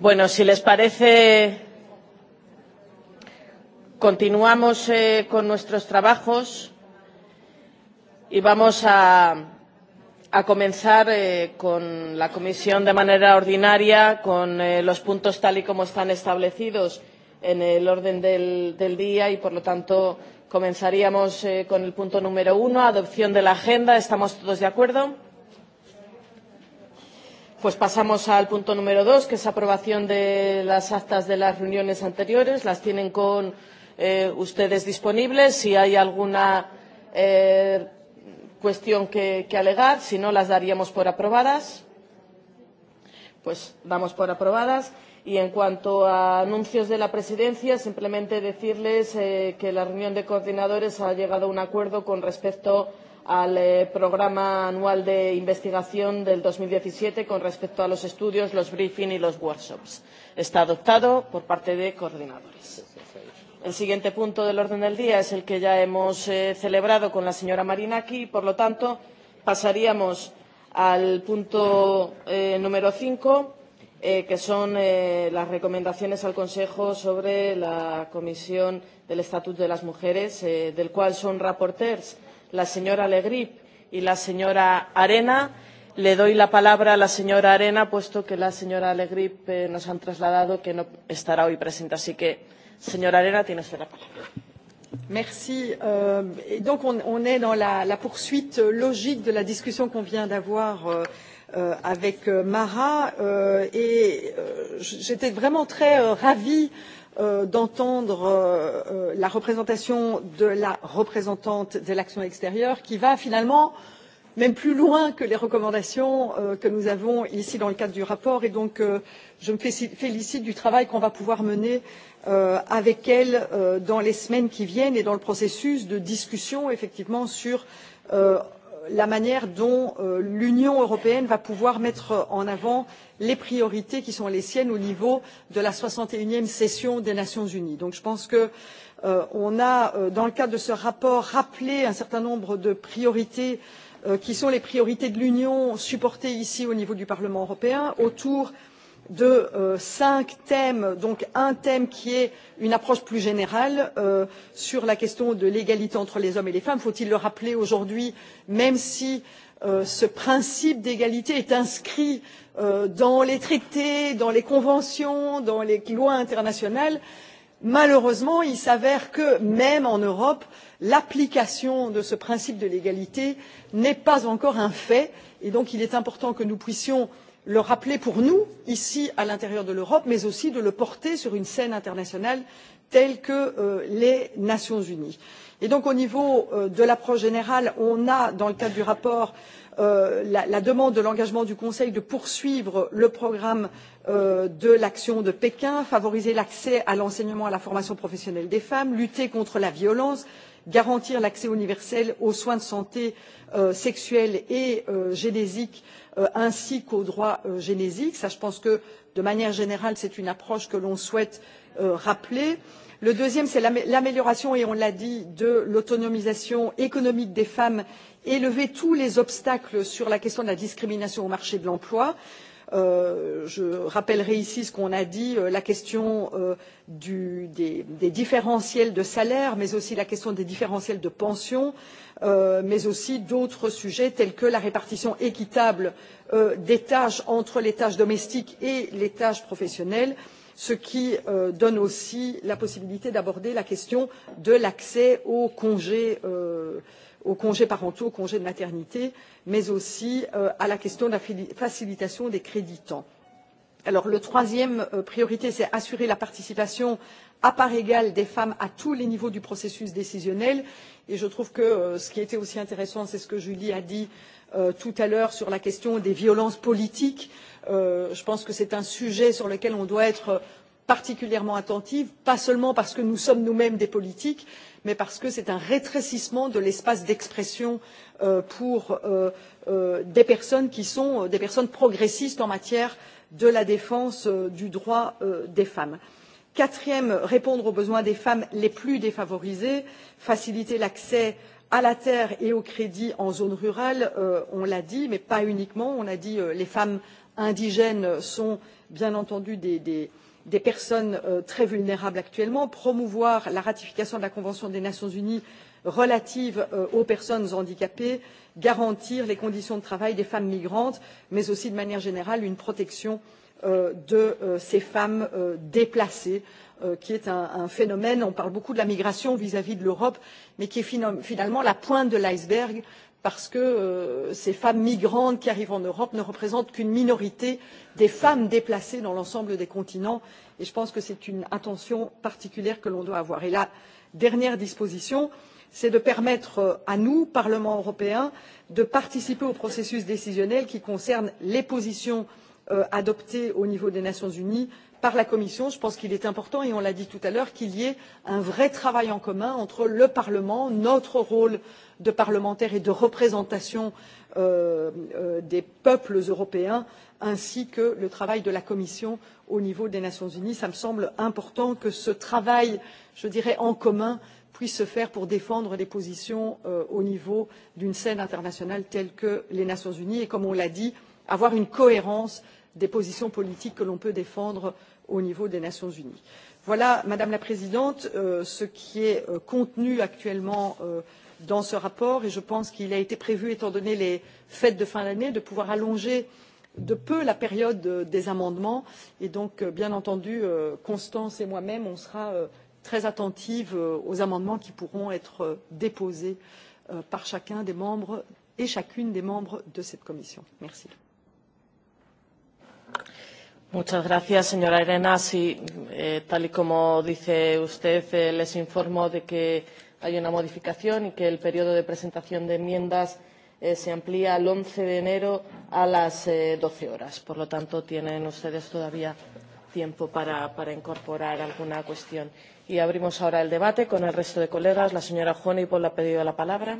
Bueno, si les parece, continuamos eh, con nuestros trabajos y vamos a, a comenzar eh, con la comisión de manera ordinaria, con eh, los puntos tal y como están establecidos en el orden del, del día y, por lo tanto, comenzaríamos eh, con el punto número uno, adopción de la agenda. ¿Estamos todos de acuerdo? Pues pasamos al punto número dos, que es aprobación de las actas de las reuniones anteriores. Las tienen con eh, ustedes disponibles. Si hay alguna eh, cuestión que, que alegar, si no, las daríamos por aprobadas. Pues damos por aprobadas. Y en cuanto a anuncios de la presidencia, simplemente decirles eh, que la reunión de coordinadores ha llegado a un acuerdo con respecto a al eh, programa anual de investigación del 2017 con respecto a los estudios, los briefings y los workshops. Está adoptado por parte de coordinadores. El siguiente punto del orden del día es el que ya hemos eh, celebrado con la señora Marinaki y, por lo tanto, pasaríamos al punto eh, número 5, eh, que son eh, las recomendaciones al Consejo sobre la Comisión del Estatuto de las Mujeres, eh, del cual son rapporteurs la señora le grip y la señora arena le doy la palabra a la señora arena puesto que la señora le grip eh, nos ha trasladado que no estará hoy presente así que señora arena tiene usted la palabra. Merci. Euh, et donc on, on est dans la, la poursuite euh, logique de la discussion qu'on vient d'avoir euh, euh, avec euh, Mara euh, et euh, j'étais vraiment très euh, ravie euh, euh, d'entendre euh, euh, la représentation de la représentante de l'action extérieure qui va finalement même plus loin que les recommandations euh, que nous avons ici dans le cadre du rapport et donc euh, je me félicite du travail qu'on va pouvoir mener euh, avec elle euh, dans les semaines qui viennent et dans le processus de discussion effectivement sur euh, la manière dont euh, l'Union européenne va pouvoir mettre en avant les priorités qui sont les siennes au niveau de la 61e session des Nations Unies. Donc je pense que euh, on a, euh, dans le cadre de ce rapport, rappelé un certain nombre de priorités euh, qui sont les priorités de l'Union supportées ici au niveau du Parlement européen autour euh, de euh, cinq thèmes, donc un thème qui est une approche plus générale euh, sur la question de l'égalité entre les hommes et les femmes. Faut-il le rappeler aujourd'hui, même si euh, ce principe d'égalité est inscrit euh, dans les traités, dans les conventions, dans les lois internationales, malheureusement, il s'avère que même en Europe, l'application de ce principe de l'égalité n'est pas encore un fait, et donc il est important que nous puissions euh, le rappeler pour nous ici à l'intérieur de l'europe mais aussi de le porter sur une scène internationale telles que euh, les nations unies. Et donc, au niveau euh, de l'approche générale on a dans le cadre du rapport euh, la, la demande de l'engagement du Conseil de poursuivre le programme euh, de l'action de Pékin, favoriser l'accès à l'enseignement et à la formation professionnelle des femmes, lutter contre la violence, garantir l'accès universel aux soins de santé euh, sexuels et euh, génésiques euh, ainsi qu'aux droits euh, génésiques. Ça, je pense que de manière générale, c'est une approche que l'on souhaite euh, Euh, rappelé. Le deuxième, c'est l'amélioration, et on l'a dit, de l'autonomisation économique des femmes et lever tous les obstacles sur la question de la discrimination au marché de l'emploi. Euh, je rappellerai ici ce qu'on a dit, euh, la question euh, du, des, des différentiels de salaire, mais aussi la question des différentiels de pension, euh, mais aussi d'autres sujets tels que la répartition équitable euh, des tâches entre les tâches domestiques et les tâches professionnelles. Euh, ce qui euh, donne aussi la possibilité d'aborder la question de l'accès aux congés euh, aux congés parentaux, aux congés de maternité, mais aussi euh, à la question de la facilitation des crédits temps. Alors, la troisième euh, priorité, c'est assurer la participation à part égale des femmes à tous les niveaux du processus décisionnel. Et je trouve que euh, ce qui était aussi intéressant, c'est ce que Julie a dit euh, tout à l'heure sur la question des violences politiques. Euh, je pense que c'est un sujet sur lequel on doit être particulièrement attentive pas seulement parce que nous sommes nous mêmes des politiques mais parce que c'est un rétrécissement de l'espace d'expression euh, pour euh, euh, des personnes qui sont euh, des personnes progressistes en matière de la défense euh, du droit euh, des femmes. quatrième répondre aux besoins des femmes les plus défavorisées faciliter l'accès à la terre et au crédit en zone rurale on l'a dit mais pas uniquement on a dit les femmes indigènes sont bien entendu des, des, des personnes euh, très vulnérables actuellement, promouvoir la ratification de la Convention des Nations Unies relative euh, aux personnes handicapées, garantir les conditions de travail des femmes migrantes, mais aussi de manière générale une protection euh, de euh, ces femmes euh, déplacées, euh, qui est un, un phénomène, on parle beaucoup de la migration vis-à-vis -vis de l'Europe, mais qui est finalement la pointe de l'iceberg parce que euh, ces femmes migrantes qui arrivent en europe ne représentent qu'une minorité des femmes déplacées dans l'ensemble des continents et je pense que c'est une attention particulière que l'on doit avoir. Et la dernière disposition c'est de permettre euh, à nous parlement européen de participer au processus décisionnel qui concerne les positions euh, adoptées au niveau des nations unies par la commission je pense qu'il est important et on l'a dit tout à l'heure qu'il y ait un vrai travail en commun entre le parlement notre rôle de parlementaires et de représentation euh, euh, des peuples européens ainsi que le travail de la commission au niveau des nations unies. il me semble important que ce travail je dirais en commun puisse se faire pour défendre les positions euh, au niveau d'une scène internationale telle que les nations unies et comme on l'a dit avoir une cohérence des positions politiques que l'on peut défendre au niveau des nations unies. voilà madame la présidente euh, ce qui est euh, contenu actuellement euh, dans ce rapport et je pense qu'il a été prévu étant donné les fêtes de fin d'année de pouvoir allonger de peu la période euh, des amendements et donc euh, bien entendu euh, constance et moi même on sera très attentive aux amendements qui pourront être déposés par chacun des membres et chacune des membres de cette commission. merci. Muchas gracias, señora Arena. Sí, eh, tal y como dice usted, eh, les informo de que hay una modificación y que el periodo de presentación de enmiendas eh, se amplía al 11 de enero a las eh, 12 horas. Por lo tanto, tienen ustedes todavía tiempo para, para incorporar alguna cuestión. Y abrimos ahora el debate con el resto de colegas. La señora Honeyball ha pedido la palabra.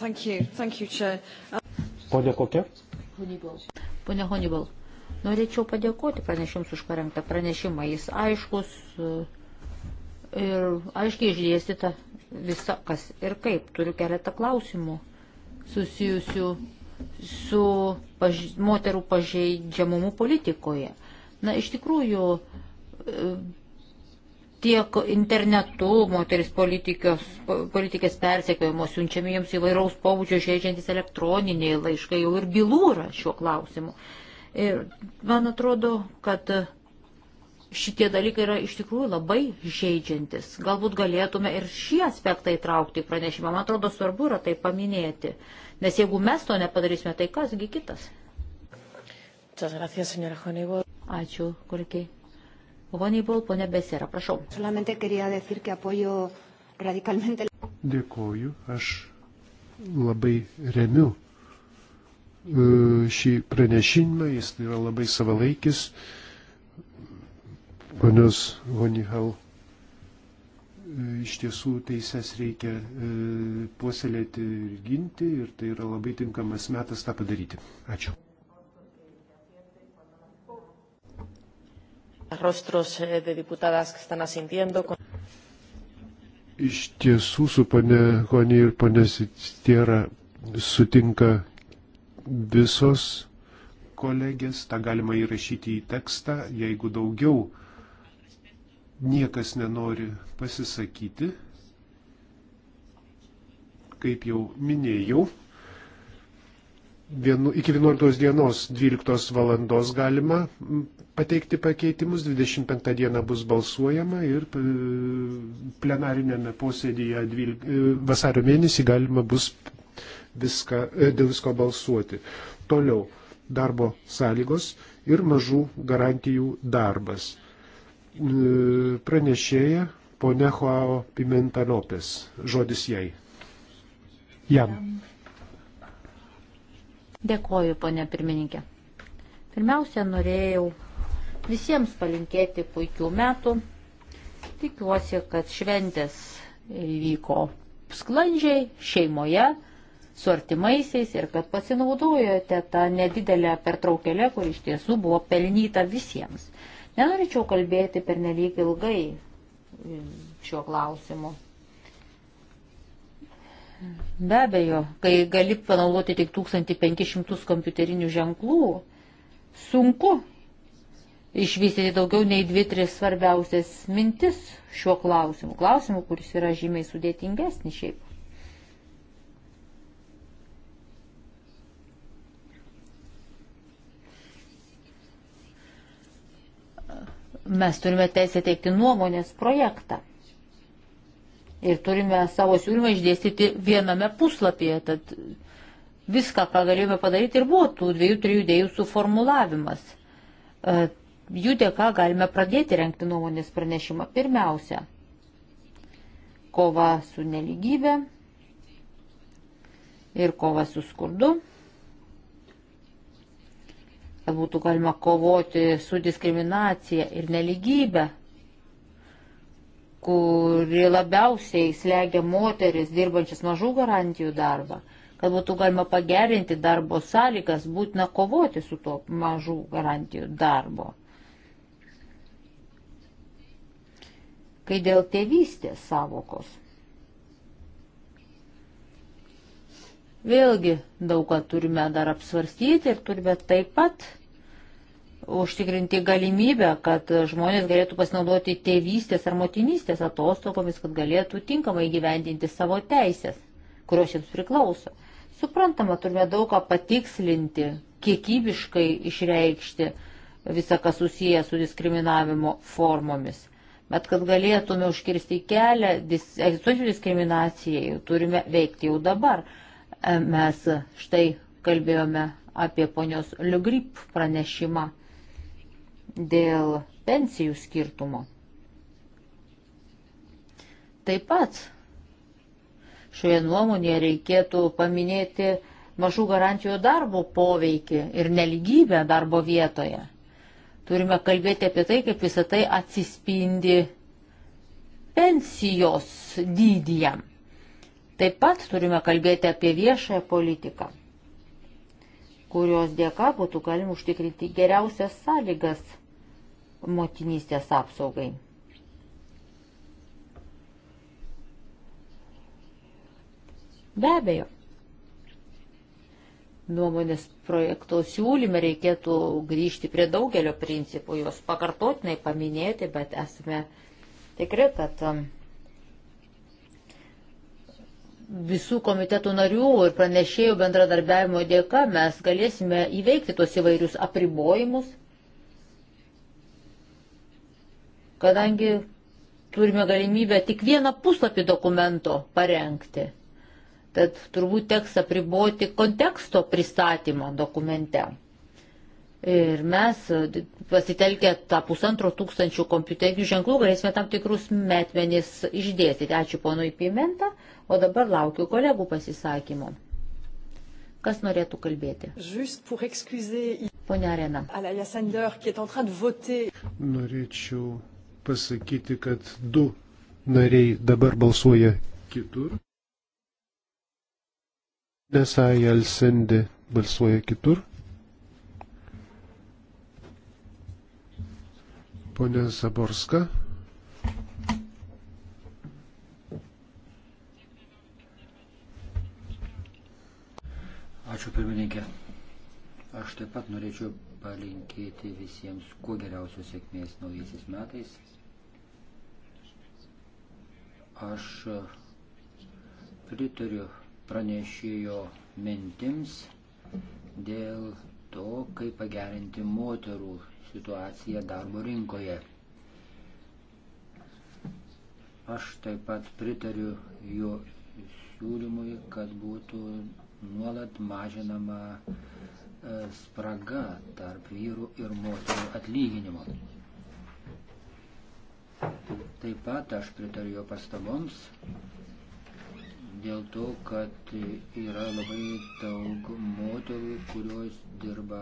Thank you. Thank you, Chair. Ponia Kokia. Pone Honibal, norėčiau padėkoti pranešims už parengtą pranešimą. Jis aiškus e, ir aiškiai išdėstyta visa kas ir kaip. Turiu keletą klausimų susijusių su paž moterų pažeidžiamumu politikoje. Na, iš tikrųjų, e, tiek internetu moteris politikės persekiojamos, siunčiami jiems įvairaus pobūdžio žaidžiantis elektroniniai laiškai, jau ir bylų yra šiuo klausimu. Ir man atrodo, kad šitie dalykai yra iš tikrųjų labai žaidžiantis. Galbūt galėtume ir šį aspektą įtraukti į pranešimą. Man atrodo, svarbu yra tai paminėti. Nes jeigu mes to nepadarysime, tai kasgi kitas? Ačiū, Korkiai. Pone Ibol, pone Besera, prašau. Dėkoju, aš labai remiu e, šį pranešimą, jis yra labai savalaikis. Ponios Honihal, e, iš tiesų teises reikia e, puoselėti ir ginti ir tai yra labai tinkamas metas tą padaryti. Ačiū. rostros eh, de diputadas que están asintiendo. Iš tiesų su pane Honė ir pane Sitiera sutinka visos kolegės, tą galima įrašyti į tekstą, jeigu daugiau niekas nenori pasisakyti, kaip jau minėjau vienu, iki 11 dienos 12 valandos galima pateikti pakeitimus, 25 dieną bus balsuojama ir plenarinėme posėdėje 12, e, vasario mėnesį galima bus viską, e, dėl visko balsuoti. Toliau darbo sąlygos ir mažų garantijų darbas. E, pranešėja ponia Joao Pimenta Lopes. Žodis jai. Jam. Jam. Dėkoju, ponė pirmininkė. Pirmiausia, norėjau visiems palinkėti puikių metų. Tikiuosi, kad šventės vyko sklandžiai, šeimoje, su artimaisiais ir kad pasinaudojote tą nedidelę pertraukėlę, kur iš tiesų buvo pelnyta visiems. Nenorėčiau kalbėti per nelik ilgai e, šiuo klausimu. Be abejo, kai gali panaudoti tik 1500 kompiuterinių ženklų, sunku išvystyti daugiau nei dvi, tris svarbiausias mintis šiuo klausimu. Klausimu, kuris yra žymiai sudėtingesnis šiaip. Mes turime teisę teikti nuomonės projektą. Ir turime savo siūlymą išdėstyti viename puslapyje. Tad viską, ką galėjome padaryti, ir buvo tų dviejų, trijų dėjų suformulavimas. E, jų dėka galime pradėti renkti nuomonės pranešimą. Pirmiausia, kova su neligybė ir kova su skurdu, kad būtų galima kovoti su diskriminacija ir neligybė, kuri labiausiai slegia moteris dirbančias mažų garantijų darbą. Kad būtų galima pagerinti darbo sąlygas, būtina kovoti su tuo mažų garantijų darbo. Kai dėl tėvystės savokos. Vėlgi daug ką turime dar apsvarstyti ir turime taip pat užtikrinti galimybę, kad žmonės galėtų pasinaudoti tėvystės ar motinystės atostogomis, kad galėtų tinkamai gyvendinti savo teisės, kurios jiems priklauso. Suprantama, turime daug ką patikslinti, kiekybiškai išreikšti visą, kas susiję su diskriminavimo formomis. Bet kad galėtume užkirsti kelią dis, egzistuojančių diskriminacijai, turime veikti jau dabar. Mes štai kalbėjome apie ponios Liugrip pranešimą dėl pensijų skirtumo. Taip pat šioje nuomonėje reikėtų paminėti mažų garantijų darbo poveikį ir neligybę darbo vietoje. Turime kalbėti apie tai, kaip visą tai atsispindi pensijos dydyje. Taip pat turime kalbėti apie viešąją politiką, kurios dėka būtų galima užtikrinti geriausias sąlygas motinystės apsaugai. Be abejo, nuomonės projekto siūlyme reikėtų grįžti prie daugelio principų, juos pakartotinai paminėti, bet esame tikri, kad um, visų komitetų narių ir pranešėjų bendradarbiavimo dėka mes galėsime įveikti tuos įvairius apribojimus kadangi turime galimybę tik vieną puslapį dokumento parengti. Tad turbūt teks apriboti konteksto pristatymą dokumente. Ir mes pasitelkę tą pusantro tūkstančių kompiuterių ženklų galėsime tam tikrus metmenis išdėstyti. Ačiū ponui Pimenta, o dabar laukiu kolegų pasisakymų. Kas norėtų kalbėti? Excuse... Pone Arena. Norėčiau pasakyti, kad du nariai dabar balsuoja kitur. Nesai Alsende balsuoja kitur. Pone Zaborska. Ačiū pirmininkė. Aš taip pat norėčiau palinkėti visiems kuo geriausios sėkmės naujaisiais metais. Aš e, pritariu pranešėjo mintims dėl to, kaip pagerinti moterų situaciją darbo rinkoje. Aš taip pat pritariu jo siūlymui, kad būtų nuolat mažinama e, spraga tarp vyrų ir moterų atlyginimo. Taip pat aš pritariu jo pastaboms dėl to, kad yra labai daug moterų, kurios dirba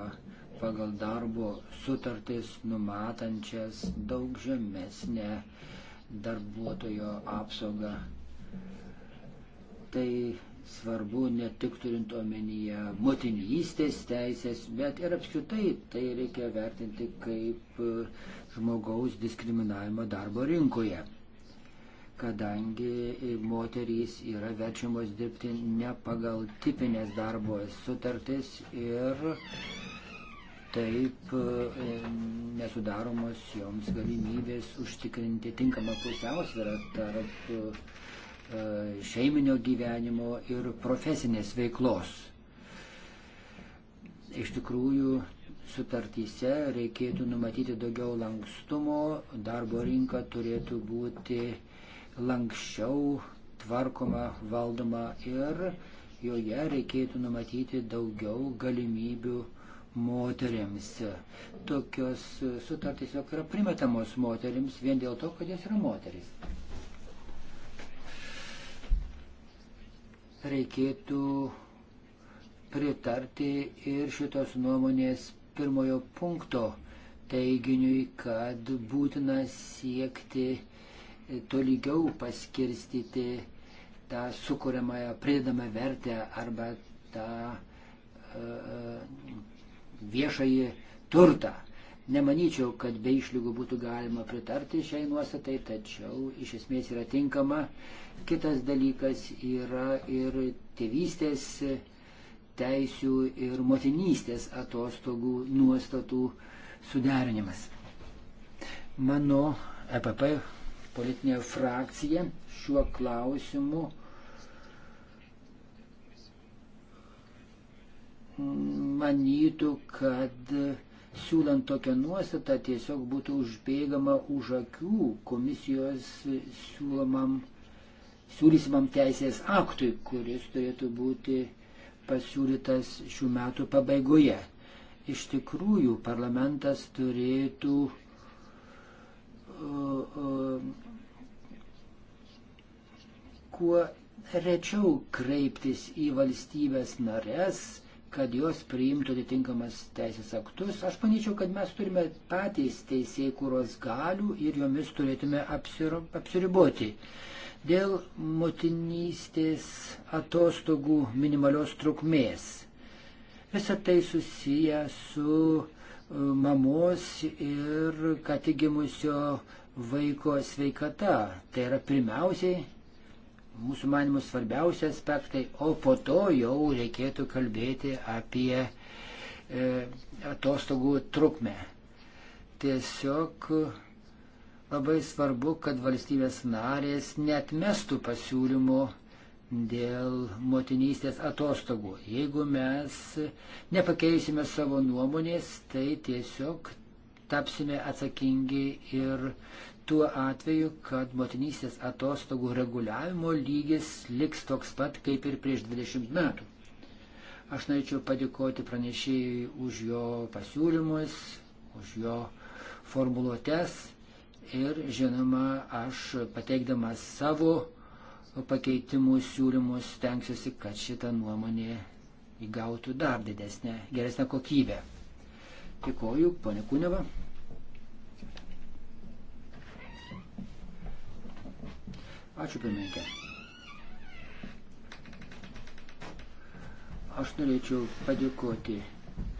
pagal darbo sutartis numatančias daug žemesnę darbuotojo apsaugą. Tai svarbu ne tik turint omenyje motinystės teisės, bet ir apskritai tai reikia vertinti kaip e, žmogaus diskriminavimą darbo rinkoje. Kadangi moterys yra verčiamos dirbti ne pagal tipinės darbo sutartis ir taip e, nesudaromos joms galimybės užtikrinti tinkamą pusiausvyrą tarp E, šeiminio gyvenimo ir profesinės veiklos. Iš tikrųjų, sutartyse reikėtų numatyti daugiau lankstumo, darbo rinka turėtų būti lankščiau tvarkoma, valdoma ir joje reikėtų numatyti daugiau galimybių moteriams. Tokios sutartys jau yra primetamos moteriams vien dėl to, kad jas yra moteris. reikėtų pritarti ir šitos nuomonės pirmojo punkto teiginiui, kad būtina siekti tolygiau paskirstyti tą sukūriamąją pridedamą vertę arba tą uh, viešąjį turtą. Nemanyčiau, kad be išlygų būtų galima pritarti šiai nuostatai, tačiau iš esmės yra tinkama. Kitas dalykas yra ir tėvystės teisių ir motinystės atostogų nuostatų suderinimas. Mano EPP politinė frakcija šiuo klausimu manytų, kad siūlant tokią nuostatą tiesiog būtų užbėgama už akių komisijos siūlomam, siūlysimam teisės aktui, kuris turėtų būti pasiūlytas šių metų pabaigoje. Iš tikrųjų, parlamentas turėtų uh, uh, kuo rečiau kreiptis į valstybės narės, kad jos priimtų atitinkamas teisės aktus. Aš manyčiau, kad mes turime patys teisėjai kūros galių ir jomis turėtume apsiriboti. Dėl motinystės atostogų minimalios trukmės. Visą tai susiję su e, mamos ir ką tik gimusio vaiko sveikata. Tai yra pirmiausiai mūsų manimų svarbiausi aspektai, o po to jau reikėtų kalbėti apie e, atostogų trukmę. Tiesiog labai svarbu, kad valstybės narės netmestų pasiūlymų dėl motinystės atostogų. Jeigu mes nepakeisime savo nuomonės, tai tiesiog tapsime atsakingi ir tuo atveju, kad motinystės atostogų reguliavimo lygis liks toks pat kaip ir prieš 20 metų. Aš norėčiau padėkoti pranešėjui už jo pasiūlymus, už jo formuluotės ir, žinoma, aš pateikdamas savo pakeitimų siūlymus tenksiuosi, kad šita nuomonė įgautų dar didesnę, geresnę kokybę. Dėkoju, ponė Kūneva. Ačiū pirmininkė. Aš norėčiau padėkoti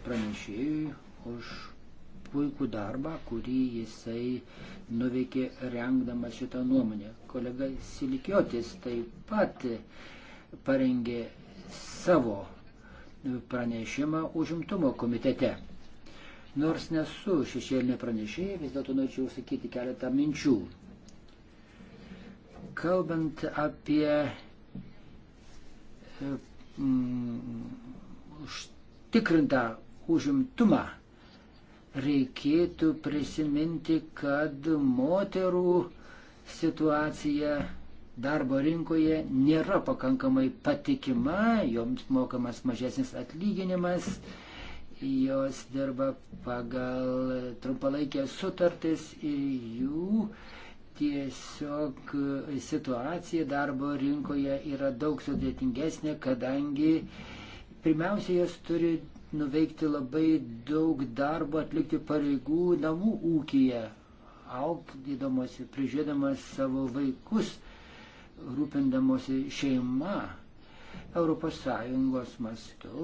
pranešėjui už puikų darbą, kurį jisai nuveikė rengdamas šitą nuomonę. Kolega Silikiotis taip pat parengė savo pranešimą užimtumo komitete. Nors nesu šešėlinė pranešėja, vis dėlto norėčiau sakyti keletą minčių. Kalbant apie e, mm, užtikrintą užimtumą, reikėtų prisiminti, kad moterų situacija darbo rinkoje nėra pakankamai patikima, joms mokamas mažesnis atlyginimas, jos dirba pagal trumpalaikės sutartis ir jų uh, Tiesiog e, situacija darbo rinkoje yra daug sudėtingesnė, kadangi pirmiausia, jos turi nuveikti labai daug darbo, atlikti pareigų namų ūkyje, augdydamosi, prižiūrėdamas savo vaikus, rūpindamosi šeima. ES mastu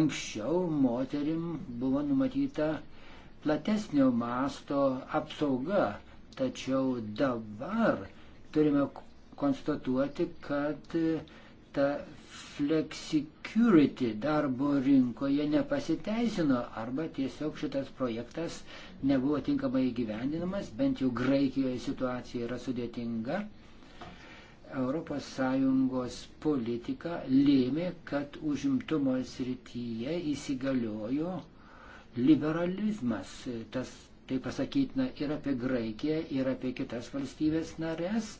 anksčiau moterim buvo numatyta platesnio masto apsauga, Tačiau dabar turime konstatuoti, kad ta flexicurity darbo rinkoje nepasiteisino arba tiesiog šitas projektas nebuvo tinkamai įgyvendinamas, bent jau Graikijoje situacija yra sudėtinga. ES politika lėmė, kad užimtumo srityje įsigaliojo liberalizmas. Tas Tai pasakytina ir apie Graikiją, ir apie kitas valstybės narės,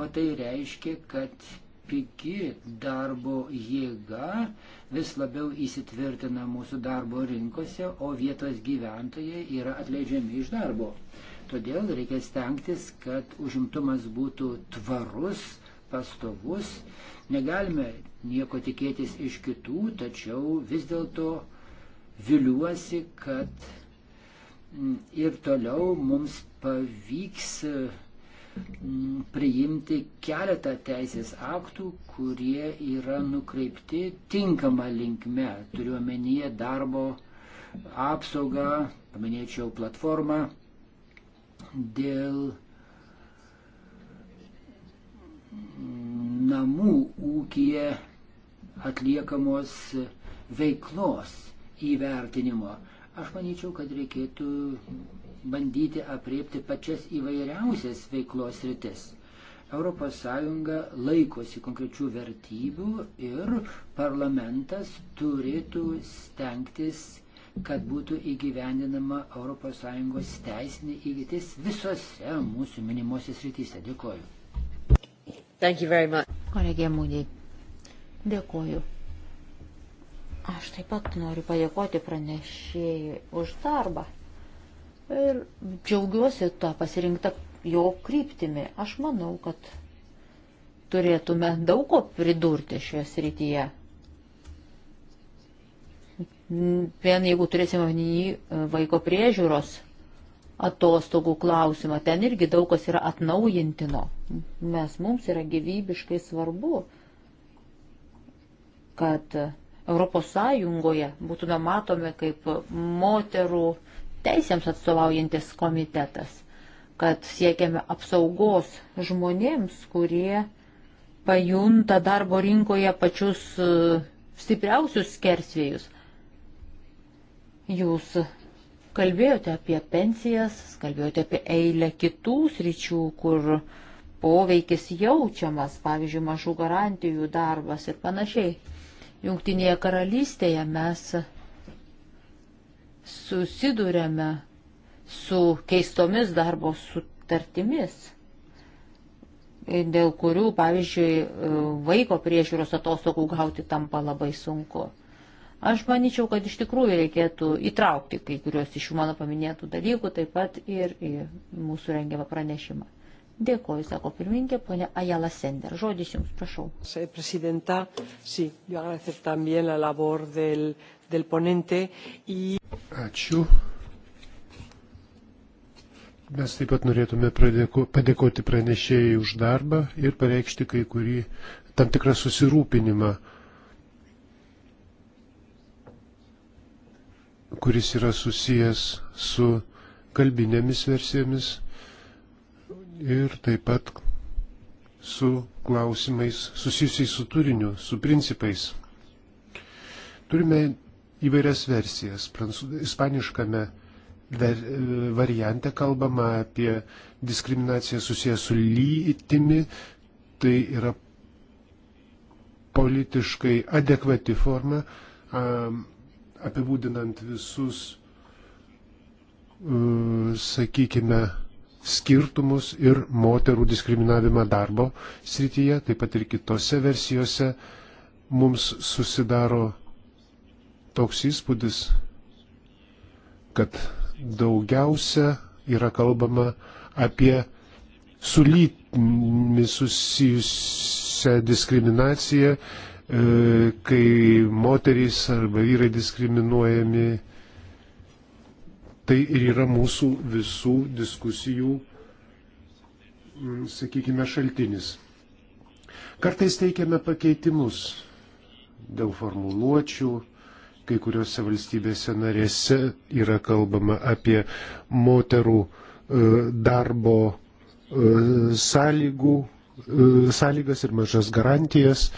o tai reiškia, kad pigi darbo jėga vis labiau įsitvirtina mūsų darbo rinkose, o vietos gyventojai yra atleidžiami iš darbo. Todėl reikia stengtis, kad užimtumas būtų tvarus, pastovus. Negalime nieko tikėtis iš kitų, tačiau vis dėlto viliuosi, kad ir toliau mums pavyks mm, priimti keletą teisės aktų, kurie yra nukreipti tinkamą linkme. Turiuomenyje darbo apsaugą, paminėčiau platformą dėl mm, namų ūkija atliekamos veiklos įvertinimo. Aš manyčiau, kad reikėtų bandyti apriepti pačias įvairiausias veiklos rytis. ES laikosi konkrečių vertybių ir parlamentas turėtų stengtis, kad būtų įgyvendinama ES teisinė įgytis visose mūsų minimuose srityse. Dėkoju. Kolegė Mūdė, dėkoju. Aš taip pat noriu padėkoti pranešėjai už darbą. Ir džiaugiuosi tą pasirinktą jo kryptimi. Aš manau, kad turėtume daug ko pridurti šioje srityje. Vien jeigu turėsime e, vaiko priežiūros atostogų klausimą, ten irgi daug kas yra atnaujintino. Mes mums yra gyvybiškai svarbu, kad Europos Sąjungoje būtume matomi kaip moterų teisėms atstovaujantis komitetas, kad siekiame apsaugos žmonėms, kurie pajunta darbo rinkoje pačius e, stipriausius skersvėjus. Jūs kalbėjote apie pensijas, kalbėjote apie eilę kitų sričių, kur poveikis jaučiamas, pavyzdžiui, mažų garantijų darbas ir panašiai. Jungtinėje karalystėje mes susidurėme su keistomis darbo sutartimis, dėl kurių, pavyzdžiui, vaiko priežiūros atostogų gauti tampa labai sunku. Aš manyčiau, kad iš tikrųjų reikėtų įtraukti kai kurios iš jų mano paminėtų dalykų taip pat ir į mūsų rengiamą pranešimą. Dėkoju, sako pirmininkė, ponė Ajala Sender. Žodis jums, prašau. Presidenta, sí, yo agradecer también la labor del, del ponente. Y... Ačiū. Mes taip pat norėtume pradėko, padėkoti pranešėjai už darbą ir pareikšti kai kurį tam tikrą susirūpinimą, kuris yra susijęs su kalbinėmis versijomis ir taip pat su klausimais susijusiais su turiniu, su principais. Turime įvairias versijas. Prancūzų, ispaniškame variante kalbama apie diskriminaciją susijęs su lytimi, tai yra politiškai adekvati forma, apibūdinant visus, sakykime, skirtumus ir moterų diskriminavimą darbo srityje, taip pat ir kitose versijose mums susidaro toks įspūdis, kad daugiausia yra kalbama apie su lytimi susijusią diskriminaciją, e, kai moterys arba vyrai diskriminuojami Tai ir yra mūsų visų diskusijų, mm, sakykime, šaltinis. Kartais teikiame pakeitimus dėl formuluočių, kai kuriuose valstybėse narėse yra kalbama apie moterų e, darbo e, sąlygų, e, sąlygas ir mažas garantijas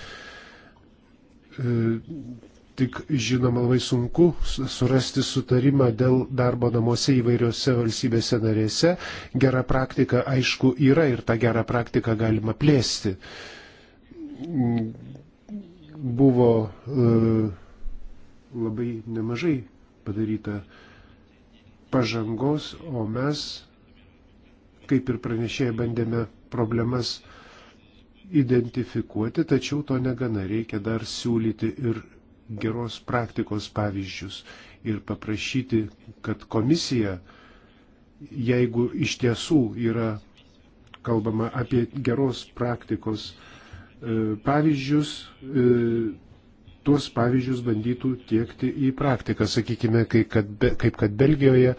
tik žinoma labai sunku surasti sutarimą dėl darbo namuose įvairiose valstybėse narėse. Gera praktika, aišku, yra ir tą gerą praktiką galima plėsti. Buvo e, labai nemažai padaryta pažangos, o mes, kaip ir pranešėjai, bandėme problemas identifikuoti, tačiau to negana reikia dar siūlyti ir geros praktikos pavyzdžius ir paprašyti, kad komisija, jeigu iš tiesų yra kalbama apie geros praktikos e, pavyzdžius, e, tuos pavyzdžius bandytų tiekti į praktiką, sakykime, kaip kad, be, kaip kad Belgijoje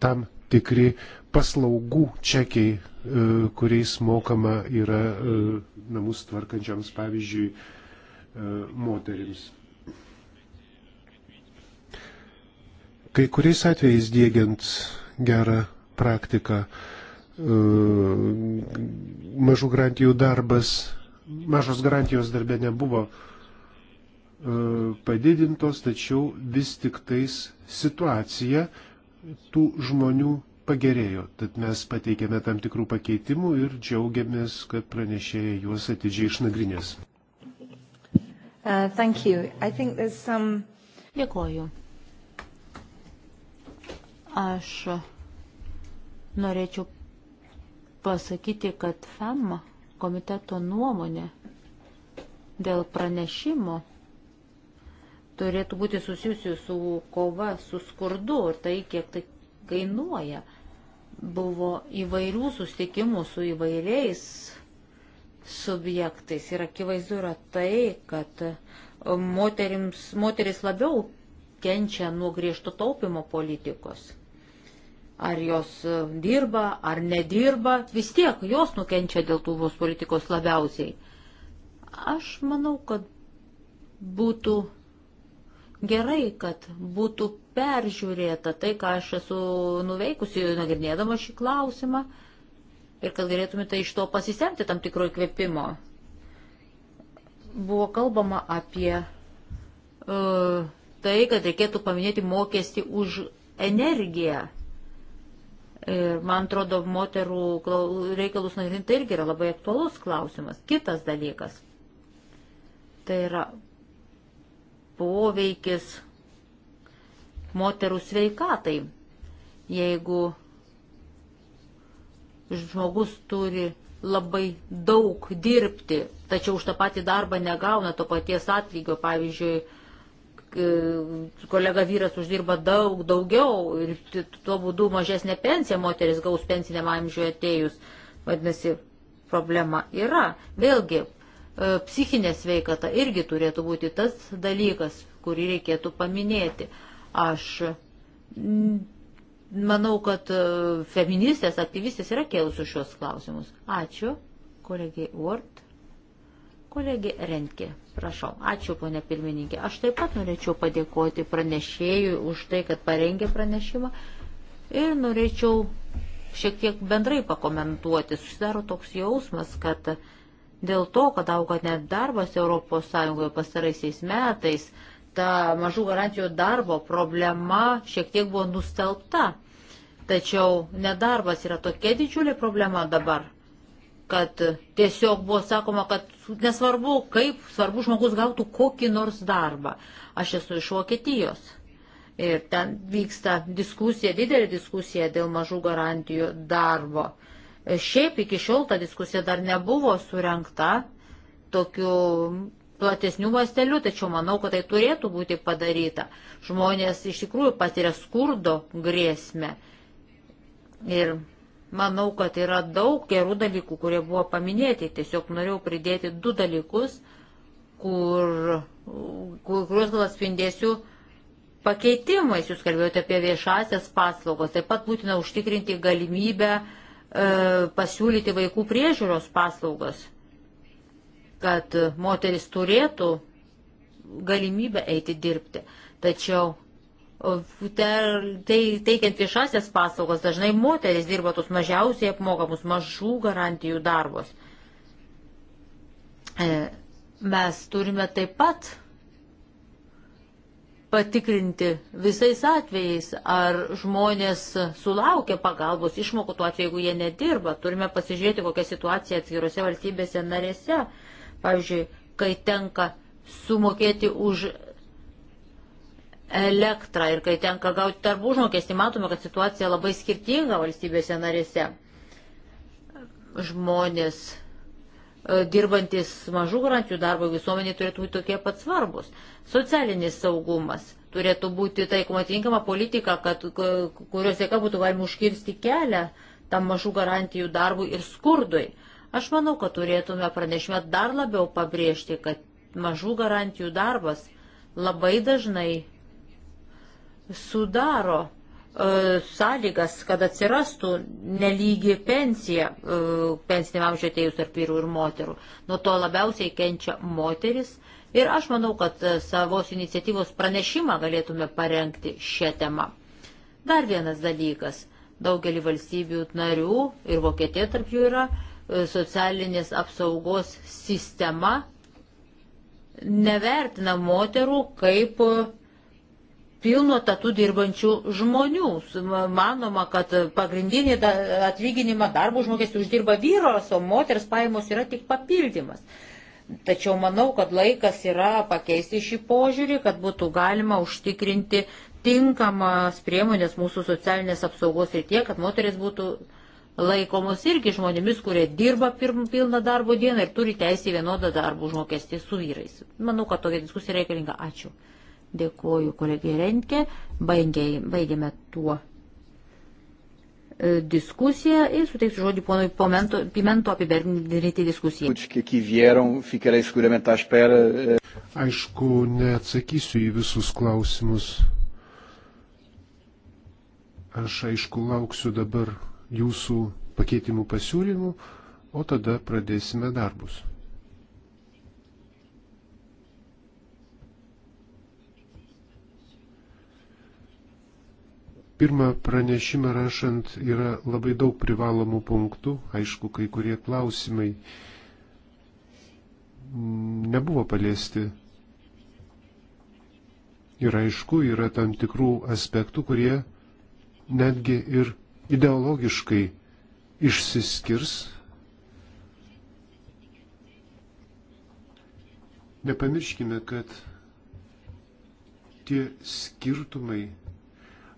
tam tikri paslaugų čekiai, e, kuriais mokama yra namus tvarkančiams, pavyzdžiui, moterims. Kai kuriais atvejais dėgiant gerą praktiką, e, mažų garantijų darbas, mažos garantijos darbė nebuvo e, padidintos, tačiau vis tik tais situacija tų žmonių pagerėjo. Tad mes pateikėme tam tikrų pakeitimų ir džiaugiamės, kad pranešėjai juos atidžiai išnagrinės. Uh, some... Dėkoju. Aš norėčiau pasakyti, kad FEM komiteto nuomonė dėl pranešimo turėtų būti susijusi su kova su skurdu ir tai, kiek tai kainuoja. Buvo įvairių sustikimų su įvairiais subjektais ir akivaizdu yra tai, kad moterims, moteris labiau kenčia nuo griežto taupimo politikos ar jos e, dirba, ar nedirba, vis tiek jos nukenčia dėl tuvos politikos labiausiai. Aš manau, kad būtų gerai, kad būtų peržiūrėta tai, ką aš esu nuveikusi, nagrinėdama šį klausimą ir kad galėtumėte tai iš to pasisemti tam tikro įkvėpimo. Buvo kalbama apie uh, tai, kad reikėtų paminėti mokestį už energiją Ir man atrodo, moterų reikalus nagrinti tai irgi yra labai aktualus klausimas. Kitas dalykas. Tai yra poveikis moterų sveikatai. Jeigu žmogus turi labai daug dirbti, tačiau už tą patį darbą negauna to paties atlygio, pavyzdžiui, E, kolega vyras uždirba daug daugiau ir tuo būdu mažesnė pensija moteris gaus pensiniam amžiuje atėjus. Vadinasi, problema yra. Vėlgi, e, psichinė sveikata irgi turėtų būti tas dalykas, kurį reikėtų paminėti. Aš manau, kad e, feministės, aktyvistės yra kėlusių šios klausimus. Ačiū, kolegiai Ward. Kolegė Rentke, prašau. Ačiū, ponė pirmininkė. Aš taip pat norėčiau padėkoti pranešėjui už tai, kad parengė pranešimą. Ir norėčiau šiek tiek bendrai pakomentuoti. Susidaro toks jausmas, kad dėl to, kad auga net darbas ES pastaraisiais metais, ta mažų garantijų darbo problema šiek tiek buvo nustelbta. Tačiau nedarbas yra tokia didžiulė problema dabar, kad tiesiog buvo sakoma, kad nesvarbu, kaip svarbu žmogus gautų kokį nors darbą. Aš esu iš Vokietijos. Ir ten vyksta diskusija, didelė diskusija dėl mažų garantijų darbo. Šiaip iki šiol ta diskusija dar nebuvo surenkta tokiu platesnių mastelių, tačiau manau, kad tai turėtų būti padaryta. Žmonės iš tikrųjų patiria skurdo grėsmę. Ir Manau, kad yra daug gerų dalykų, kurie buvo paminėti. Tiesiog norėjau pridėti du dalykus, kur, kur, kuriuos gal atspindėsiu pakeitimais. Jūs kalbėjote apie viešasias paslaugos. Taip pat būtina užtikrinti galimybę e, pasiūlyti vaikų priežiūros paslaugas, kad moteris turėtų galimybę eiti dirbti. Tačiau Tai teikiant viešasias paslaugas dažnai moteris dirba tos mažiausiai apmokamus mažų garantijų darbus. E, mes turime taip pat patikrinti visais atvejais, ar žmonės sulaukia pagalbos išmokų tuo atveju, jeigu jie nedirba. Turime pasižiūrėti, kokia situacija atskirose valstybėse narėse. Pavyzdžiui, kai tenka sumokėti už elektrą ir kai tenka gauti darbų užmokestį, matome, kad situacija labai skirtinga valstybėse narėse. Žmonės e, dirbantis mažų garantijų darbo visuomenė turėtų būti tokie pat svarbus. Socialinis saugumas turėtų būti taikoma tinkama politika, kad, e, kurios dėka būtų galima užkirsti kelią tam mažų garantijų darbui ir skurdui. Aš manau, kad turėtume pranešime dar labiau pabrėžti, kad mažų garantijų darbas labai dažnai sudaro e, sąlygas, kad atsirastų nelygi pensija e, pensiniam amžiui atėjus tarp vyrų ir moterų. Nuo to labiausiai kenčia moteris. Ir aš manau, kad e, savos iniciatyvos pranešimą galėtume parengti šią temą. Dar vienas dalykas. Daugelį valstybių narių ir Vokietija tarp jų yra e, socialinės apsaugos sistema nevertina moterų kaip pilnu tatu dirbančių žmonių. Manoma, kad pagrindinį atlyginimą darbo užmokestį uždirba vyros, o moters pajamos yra tik papildymas. Tačiau manau, kad laikas yra pakeisti šį požiūrį, kad būtų galima užtikrinti tinkamas priemonės mūsų socialinės apsaugos ir tie, kad moteris būtų laikomos irgi žmonėmis, kurie dirba pilną darbo dieną ir turi teisę vienodą darbo užmokestį su vyrais. Manau, kad tokia diskusija reikalinga. Ačiū. Dėkuoju kolegijai Renke. Baigėme tuo e, diskusiją ir suteiksiu žodį ponui Pimento, Pimento apibendrinti diskusiją. Eh. Aišku, neatsakysiu į visus klausimus. Aš aišku lauksiu dabar jūsų pakeitimų pasiūlymų, o tada pradėsime darbus. Pirmą pranešimą rašant yra labai daug privalomų punktų, aišku, kai kurie klausimai nebuvo paliesti. Ir aišku, yra tam tikrų aspektų, kurie netgi ir ideologiškai išsiskirs. Nepamirškime, kad tie skirtumai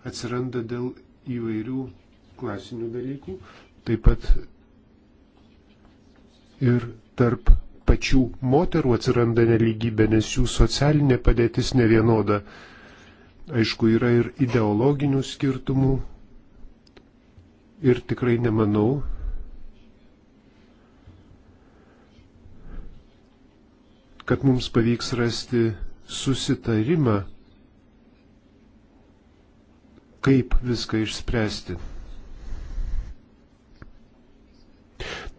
atsiranda dėl įvairių klasinių dalykų, taip pat ir tarp pačių moterų atsiranda neligybė, nes jų socialinė padėtis nevienoda. Aišku, yra ir ideologinių skirtumų. Ir tikrai nemanau, kad mums pavyks rasti susitarimą kaip viską išspręsti.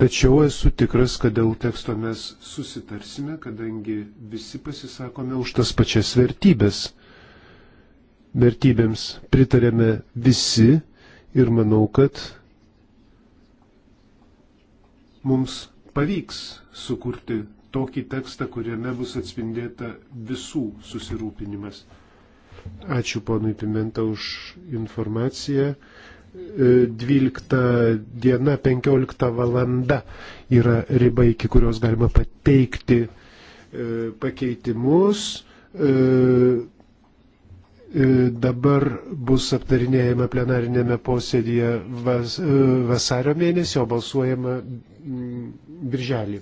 Tačiau esu tikras, kad dėl teksto mes susitarsime, kadangi visi pasisakome už tas pačias vertybės. Vertybėms pritarėme visi ir manau, kad mums pavyks sukurti tokį tekstą, kuriame bus atspindėta visų susirūpinimas. Ačiū ponui Pimenta už informaciją. 12 e, diena 15 valanda yra riba, iki kurios galima pateikti e, pakeitimus. E, dabar bus aptarinėjama plenarinėme posėdėje vas, vasario mėnesį, o balsuojama birželį.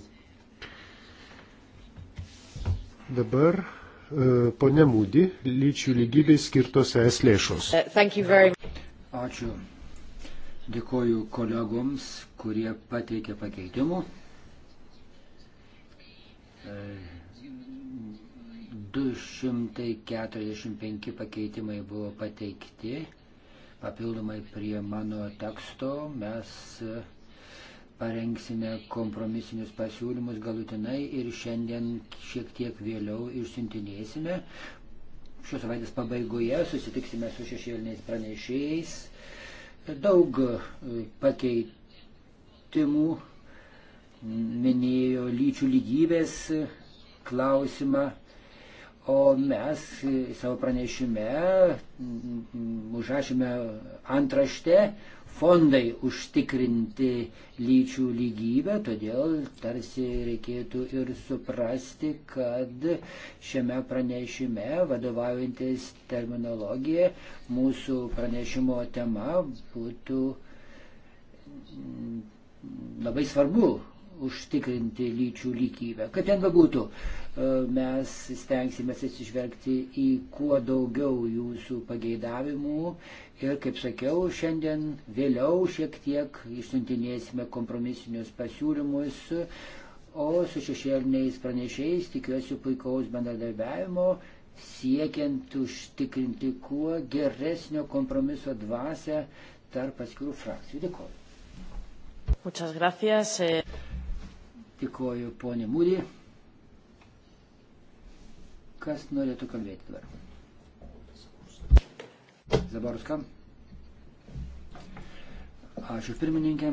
Dabar E, pone Mūdi, lyčių lygybei skirtos es lėšos. E, Ačiū. Dėkoju kolegoms, kurie pateikė pakeitimų. E, 245 pakeitimai buvo pateikti. Papildomai prie mano teksto mes parengsime kompromisinius pasiūlymus galutinai ir šiandien šiek tiek vėliau išsintinėsime. Šios savaitės pabaigoje susitiksime su šešėliniais pranešėjais. Daug e, pakeitimų minėjo lyčių lygybės klausimą, o mes savo pranešime užrašėme antraštę fondai užtikrinti lyčių lygybę, todėl tarsi reikėtų ir suprasti, kad šiame pranešime vadovaujantis terminologija mūsų pranešimo tema būtų mm, labai svarbu užtikrinti lyčių lygybę. Kad ten bebūtų, e, mes stengsime atsižvelgti į kuo daugiau jūsų pageidavimų ir, kaip sakiau, šiandien vėliau šiek tiek išsiuntinėsime kompromisinius pasiūlymus, o su šešėliniais pranešėjais tikiuosi puikaus bendradarbiavimo siekiant užtikrinti kuo geresnio kompromiso dvasę tarp atskirų frakcijų. Dėkuoju. Muchas gracias. Eh. Tikoju, ponė Mūdį. Kas norėtų kalbėti dabar? Zaborska. Ačiū pirmininkė.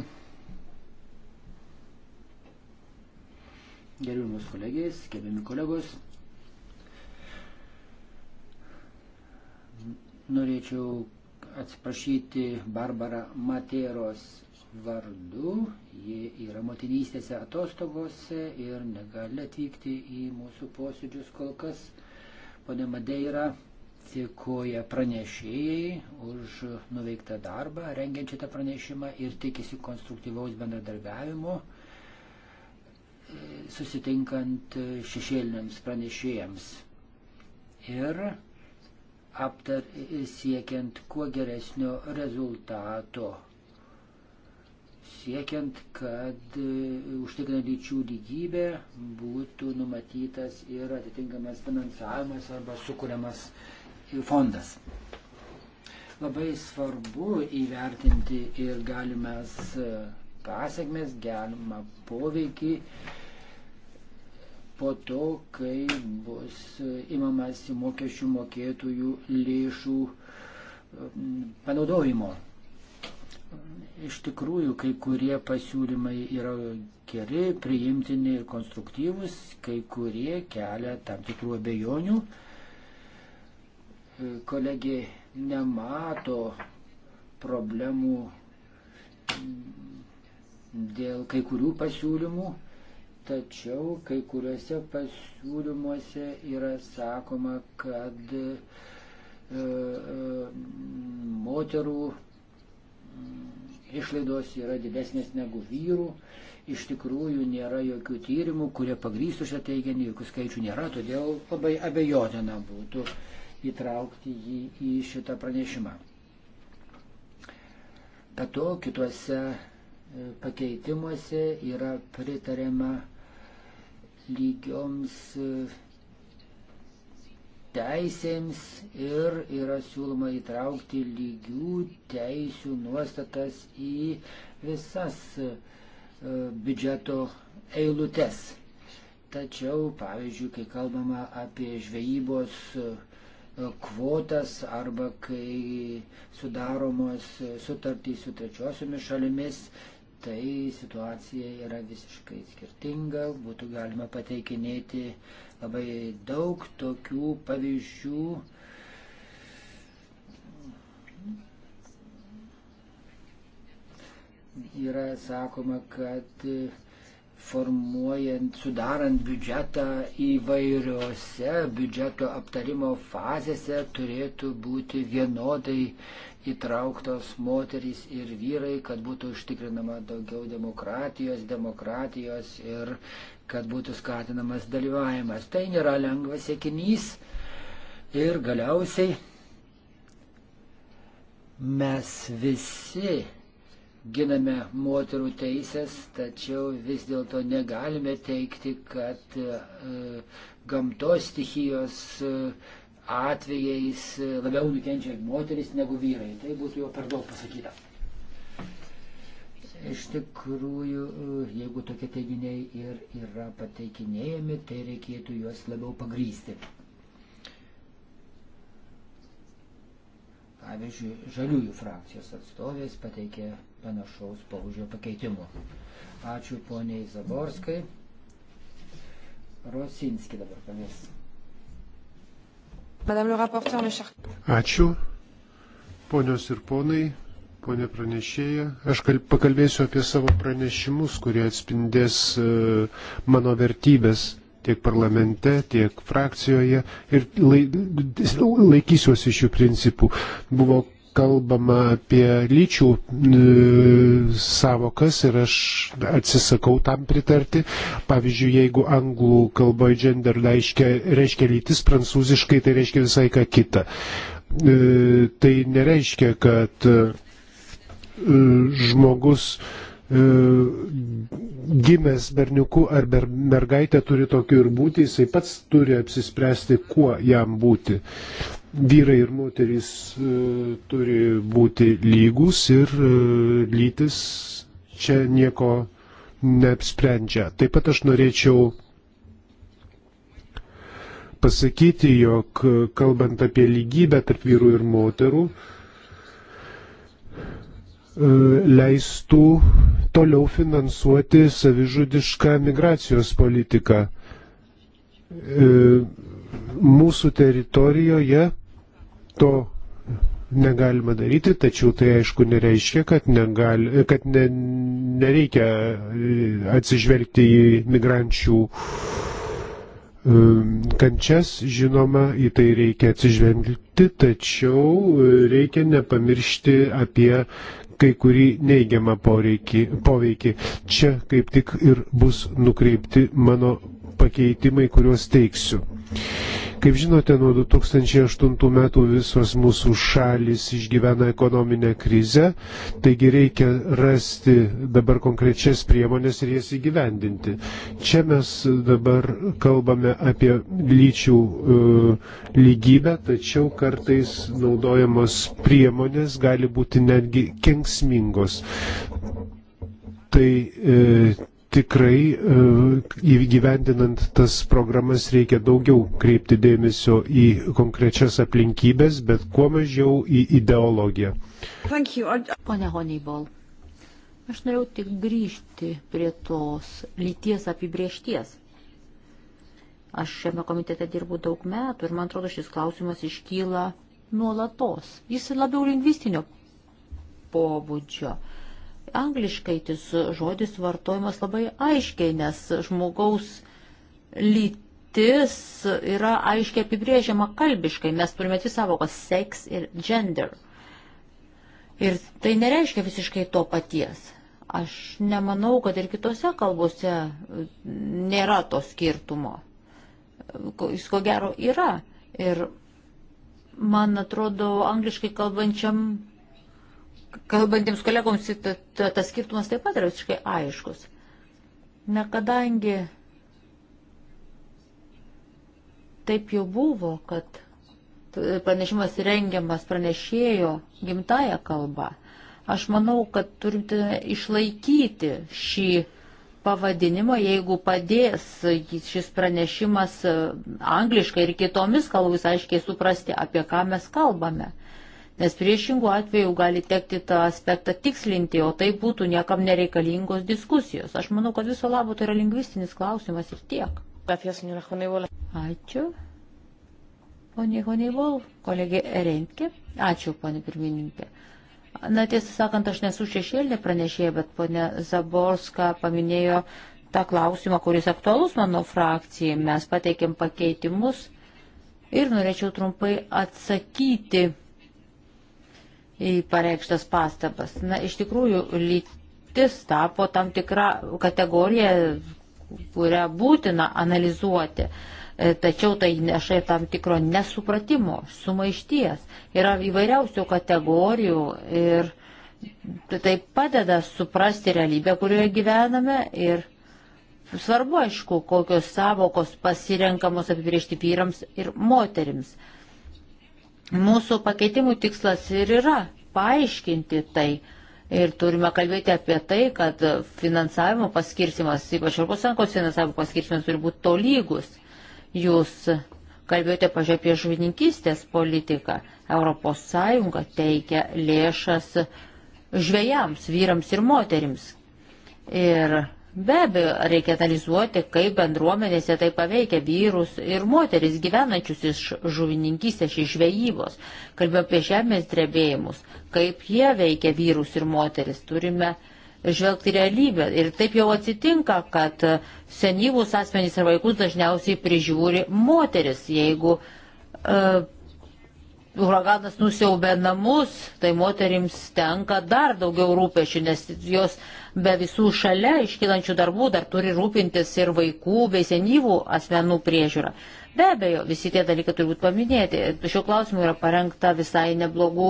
Gerbiamus kolegijas, gerbiami kolegos. Norėčiau atsiprašyti Barbara Materos vardu. Ji yra motinystėse atostogose ir negali atvykti į mūsų posėdžius kol kas. Pone Madeira dėkoja pranešėjai už nuveiktą darbą, rengiant šitą pranešimą ir tikisi konstruktyvaus bendradarbiavimo, e, susitinkant šešėliniams pranešėjams. Ir aptar siekiant kuo geresnio rezultato siekiant, kad e, užtikrinant lyčių lygybę būtų numatytas ir atitinkamas finansavimas arba sukūriamas fondas. Labai svarbu įvertinti ir galimas e, pasiekmes, galimą poveikį po to, kai bus e, imamasi mokesčių mokėtųjų lėšų panaudojimo iš tikrųjų kai kurie pasiūlymai yra geri, priimtini ir konstruktyvus, kai kurie kelia tam tikrų abejonių. Kolegė nemato problemų dėl kai kurių pasiūlymų, tačiau kai kuriuose pasiūlymuose yra sakoma, kad e, e, moterų išlaidos yra didesnės negu vyrų. Iš tikrųjų nėra jokių tyrimų, kurie pagrįstų šią teiginį, jokių skaičių nėra, todėl labai abejotina būtų įtraukti jį į šitą pranešimą. Be to, kituose e, pakeitimuose yra pritariama lygioms e, teisėms ir yra siūloma įtraukti lygių teisių nuostatas į visas e, biudžeto eilutes. Tačiau, pavyzdžiui, kai kalbama apie žvejybos e, kvotas arba kai sudaromos e, sutartys su trečiosiomis šalimis, tai situacija yra visiškai skirtinga, būtų galima pateikinėti labai daug tokių pavyzdžių. Yra sakoma, kad formuojant, sudarant biudžetą įvairiose biudžeto aptarimo fazėse turėtų būti vienodai įtrauktos moterys ir vyrai, kad būtų užtikrinama daugiau demokratijos, demokratijos ir kad būtų skatinamas dalyvavimas. Tai nėra lengvas siekinys ir galiausiai mes visi giname moterų teisės, tačiau vis dėlto negalime teikti, kad e, gamtos stichijos e, atvejais e, labiau nukenčia moteris negu vyrai. Tai būtų jau per daug pasakyta. Iš tikrųjų, jeigu tokie teiginiai ir yra pateikinėjami, tai reikėtų juos labiau pagrysti. Pavyzdžiui, žaliųjų frakcijos atstovės pateikė panašaus paužio pakeitimų. Ačiū poniai Zaborskai. Rosinski dabar kalbės. Ačiū, ponios ir ponai ponė pranešėja. Aš pakalbėsiu apie savo pranešimus, kurie atspindės e, mano vertybės tiek parlamente, tiek frakcijoje ir laikysiuosi šių principų. Buvo kalbama apie lyčių e, savokas ir aš atsisakau tam pritarti. Pavyzdžiui, jeigu anglų kalboje gender reiškia, reiškia lytis, prancūziškai tai reiškia visai ką kitą. E, tai nereiškia, kad Mm, žmogus e, gimęs berniuku ar mergaitė turi tokiu ir būti, jisai pats turi apsispręsti, kuo jam būti. Vyrai ir moterys e, turi būti lygus ir e, lytis čia nieko neapsprendžia. Taip pat aš norėčiau pasakyti, jog kalbant apie lygybę tarp vyrų ir moterų, E, leistų toliau finansuoti savižudišką migracijos politiką. E, mūsų teritorijoje to negalima daryti, tačiau tai aišku nereiškia, kad, negali, kad ne, nereikia e, atsižvelgti į migrančių kančias, žinoma, į tai reikia atsižvelgti, tačiau reikia nepamiršti apie kai kurį neigiamą poreikį, poveikį. Čia kaip tik ir bus nukreipti mano pakeitimai, kuriuos teiksiu. Kaip žinote, nuo 2008 metų visos mūsų šalis išgyvena ekonominę krizę, taigi reikia rasti dabar konkrečias priemonės ir jas įgyvendinti. Čia mes dabar kalbame apie lyčių e, lygybę, tačiau kartais naudojamos priemonės gali būti netgi kengsmingos. Tai e, tikrai e, įgyvendinant tas programas reikia daugiau kreipti dėmesio į konkrečias aplinkybės, bet kuo mažiau į ideologiją. Pone Honeybol, aš norėjau tik grįžti prie tos lyties apibriešties. Aš šiame komitete dirbu daug metų ir man atrodo šis klausimas iškyla nuolatos. Jis labiau lingvistinio pobūdžio. Uh, Angliškai tas žodis vartojamas labai aiškiai, nes žmogaus lytis yra aiškiai apibrėžiama kalbiškai. Mes turime dvi savokas - sex ir gender. Ir tai nereiškia visiškai to paties. Aš nemanau, kad ir kitose kalbose nėra to skirtumo. Jis ko gero yra. Ir man atrodo, angliškai kalbančiam kalbantiems kolegoms, tas skirtumas taip pat yra visiškai aiškus. Na, kadangi taip jau buvo, kad pranešimas rengiamas pranešėjo gimtają kalbą, aš manau, kad turite išlaikyti šį pavadinimą, jeigu padės šis pranešimas angliškai ir kitomis kalbomis aiškiai suprasti, apie ką mes kalbame nes priešingų atveju gali tekti tą aspektą tikslinti, o tai būtų niekam nereikalingos diskusijos. Aš manau, kad viso labo tai yra lingvistinis klausimas ir tiek. Ačiū. Pone Honeivol, kolegė Renkė. Ačiū, pone pirmininkė. Na, tiesą sakant, aš nesu šešėlinė pranešėja, bet ponė Zaborska paminėjo tą klausimą, kuris aktualus mano frakcijai. Mes pateikėm pakeitimus ir norėčiau trumpai atsakyti į pareikštas pastabas. Na, iš tikrųjų, lytis tapo tam tikrą kategoriją, kurią būtina analizuoti. E, tačiau tai neša tam tikro nesupratimo, sumaišties. Yra įvairiausių kategorijų ir tai padeda suprasti realybę, kurioje gyvename. Ir svarbu, aišku, kokios savokos pasirenkamos apibriežti vyrams ir moterims. Mūsų pakeitimų tikslas ir yra paaiškinti tai. Ir turime kalbėti apie tai, kad finansavimo paskirsimas, ypač Europos Sąjungos finansavimo paskirsimas turi būti tolygus. Jūs kalbėjote, pažiūrėjau, apie žuvininkystės politiką. Europos Sąjunga teikia lėšas žvėjams, vyrams ir moterims. Ir Be abejo, reikia analizuoti, kaip bendruomenėse tai paveikia vyrus ir moteris gyvenančius iš žuvininkystės, iš žvejybos. Kalbėjome apie žemės drebėjimus, kaip jie veikia vyrus ir moteris. Turime žvelgti realybę. Ir taip jau atsitinka, kad senyvus asmenys ir vaikus dažniausiai prižiūri moteris, jeigu e, uraganas nusiaubė namus, tai moterims tenka dar daugiau rūpešių, nes jos be visų šalia iškilančių darbų dar turi rūpintis ir vaikų bei senyvų asmenų priežiūrą. Be abejo, visi tie dalykai turi būti paminėti. Šiuo klausimu yra parengta visai neblogų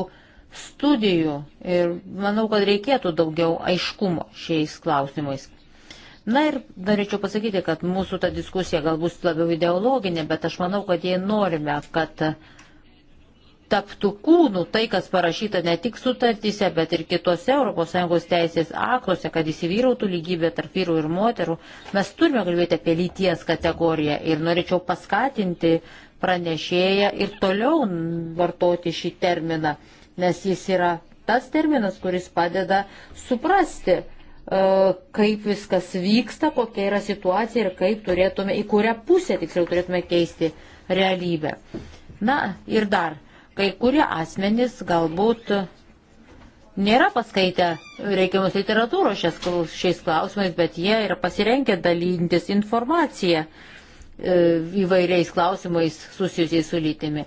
studijų ir manau, kad reikėtų daugiau aiškumo šiais klausimais. Na ir norėčiau pasakyti, kad mūsų ta diskusija gal bus labiau ideologinė, bet aš manau, kad jei norime, kad uh, taptų kūnų tai, kas parašyta ne tik sutartyse, bet ir kitose ES teisės aktuose, kad įsivyrautų lygybė tarp vyrų ir moterų. Mes turime kalbėti apie lyties kategoriją ir norėčiau paskatinti pranešėją ir toliau vartoti šį terminą, nes jis yra tas terminas, kuris padeda suprasti, e, kaip viskas vyksta, kokia yra situacija ir kaip turėtume, į kurią pusę tiksliau turėtume keisti realybę. Na ir dar Kai kurie asmenys galbūt nėra paskaitę reikiamus literatūros šiais klausimais, bet jie yra pasirenkę dalintis informaciją e, įvairiais klausimais susijusiais su lytimi.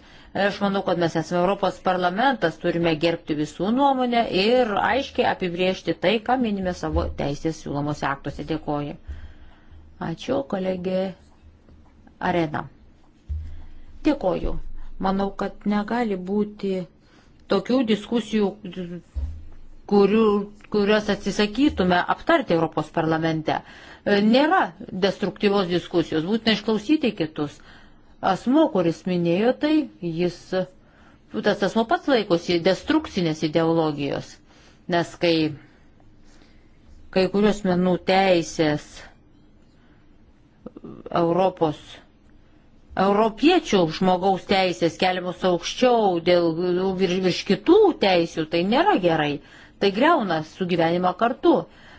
Aš manau, kad mes esame Europos parlamentas, turime gerbti visų nuomonę ir aiškiai apibriežti tai, ką minime savo teisės siūlomose aktuose. Dėkoju. Ačiū, kolegė Arena. Dėkoju. Manau, kad negali būti tokių diskusijų, kurių, kurios atsisakytume aptarti Europos parlamente. E, nėra destruktyvos diskusijos, būtina išklausyti kitus. Asmo, kuris minėjo tai, jis, tas asmo pats laikosi destrukcinės ideologijos, nes kai kai kurios menų teisės Europos europiečių žmogaus teisės keliamos aukščiau dėl virš, virš kitų teisių, tai nėra gerai. Tai greuna sugyvenimą kartu.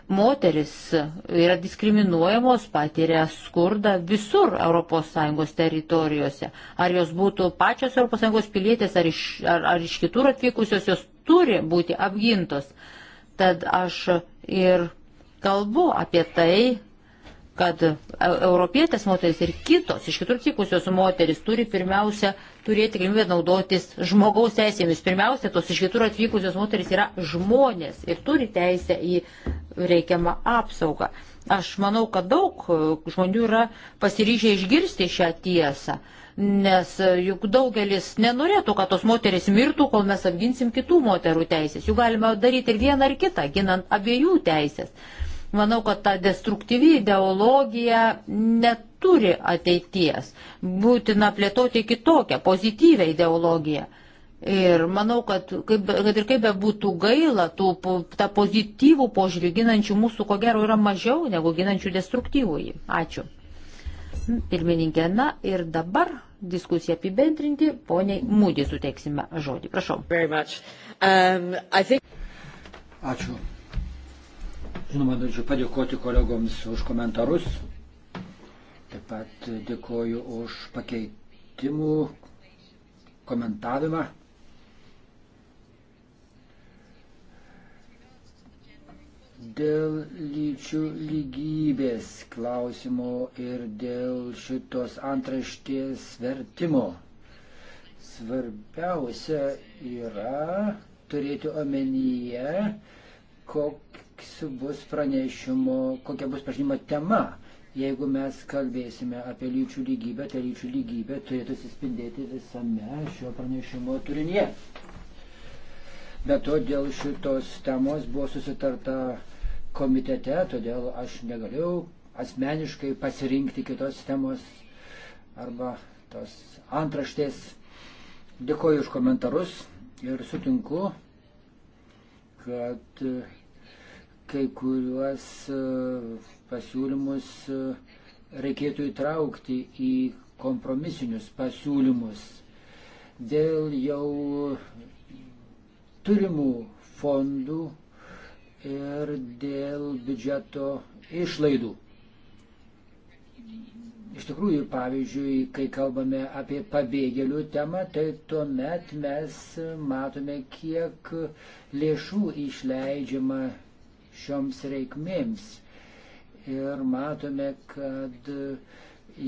Moteris yra diskriminuojamos, patiria skurdą visur ES teritorijose. Ar jos būtų pačios ES pilietės, ar iš, ar, ar iš kitur atvykusios, jos turi būti apgintos. Tad aš ir kalbu apie tai, kad europietės moteris ir kitos iš kitur atvykusios moteris turi pirmiausia turėti galimybę naudotis žmogaus teisėmis. Pirmiausia, tos iš kitur atvykusios moteris yra žmonės ir turi teisę į reikiamą apsaugą. Aš manau, kad daug žmonių yra pasiryžę išgirsti šią tiesą, nes juk daugelis nenorėtų, kad tos moteris mirtų, kol mes apginsim kitų moterų teisės. Juk galima daryti ir vieną ar kitą, ginant abiejų teisės. Manau, kad ta destruktyvi ideologija neturi ateities. Būtina plėtoti kitokią, pozityvę ideologiją. Ir manau, kad, kaip, kad ir kaip bebūtų gaila, tų, tą pozityvų požiūrį ginančių mūsų, ko gero, yra mažiau negu ginančių destruktyvųjį. Ačiū. Pirmininkė, na ir dabar diskusiją apibendrinti, poniai Mūdį suteiksime žodį. Prašau. Um, think... Ačiū. Žinoma, norėčiau padėkoti kolegoms už komentarus. Taip pat dėkoju už pakeitimų komentavimą. Dėl lyčių lygybės klausimo ir dėl šitos antraštės vertimo svarbiausia yra turėti omenyje, kokia koks bus pranešimo, kokia bus pažinimo tema. Jeigu mes kalbėsime apie lyčių lygybę, tai lyčių lygybė turėtų suspindėti visame šio pranešimo turinėje. Bet to dėl šitos temos buvo susitarta komitete, todėl aš negalėjau asmeniškai pasirinkti kitos temos arba tos antraštės. Dėkoju už komentarus ir sutinku, kad kai kuriuos e, pasiūlymus e, reikėtų įtraukti į kompromisinius pasiūlymus. Dėl jau turimų fondų ir dėl biudžeto išlaidų. Iš tikrųjų, pavyzdžiui, kai kalbame apie pabėgėlių temą, tai tuomet mes matome, kiek lėšų išleidžiama šioms reikmėms. Ir matome, kad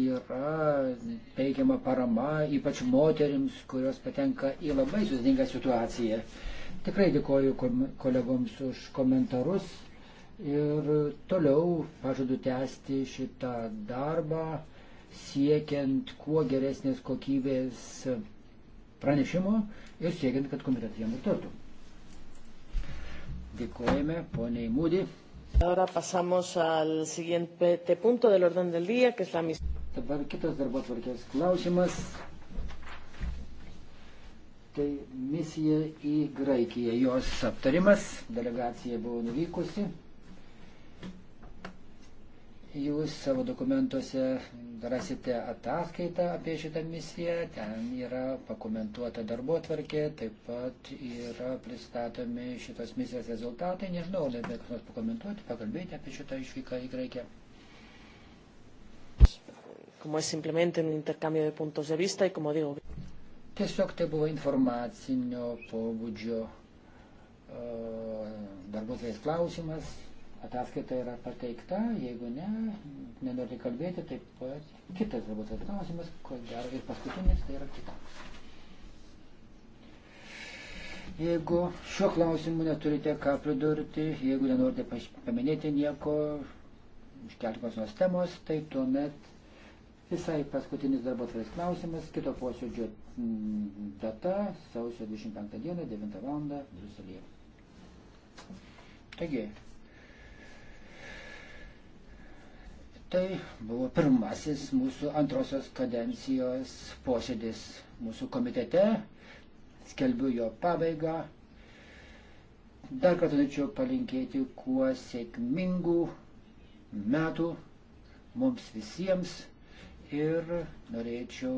yra teikiama parama, ypač moterims, kurios patenka į labai sudėtingą situaciją. Tikrai dėkoju kolegoms už komentarus ir toliau pažadu tęsti šitą darbą, siekiant kuo geresnės kokybės pranešimo ir siekiant, kad komitetai jam pritartų. Dėkojame, poniai Mūdi. Ahora pasamos al siguiente punto del orden del día, que es la misión. Dabar kitas darbo tvarkės klausimas. Tai misija į Graikiją, jos aptarimas, delegacija buvo nuvykusi. Jūs savo dokumentuose rasite ataskaitą apie šitą misiją, ten yra pakomentuota darbo tvarkė, taip pat yra pristatomi šitos misijos rezultatai. Nežinau, ar galite kas nors pakomentuoti, pakalbėti apie šitą išvyką į Graikiją. Tiesiog tai buvo informacinio pobūdžio uh, darbuotojas klausimas, ataskaita yra pateikta, jeigu ne, nenori kalbėti, taip pat kitas galbūt klausimas, ko gero ir paskutinis, tai yra kitoks. Jeigu šiuo klausimu neturite ką pridurti, jeigu nenorite paminėti nieko, iškelti kokios temos, tai tuomet visai paskutinis darbo atvaizdas klausimas, kito posėdžio mm, data sausio 25 dieną, 9 val. Briuselėje. Taigi, Tai buvo pirmasis mūsų antrosios kadencijos posėdis mūsų komitete. Skelbiu jo pabaigą. Dar kartą norėčiau palinkėti kuo sėkmingų metų mums visiems ir norėčiau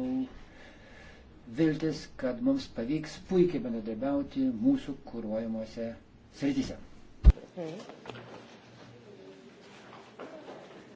viltis, kad mums pavyks puikiai bendradarbiauti mūsų kūruojamuose srityse. Mm.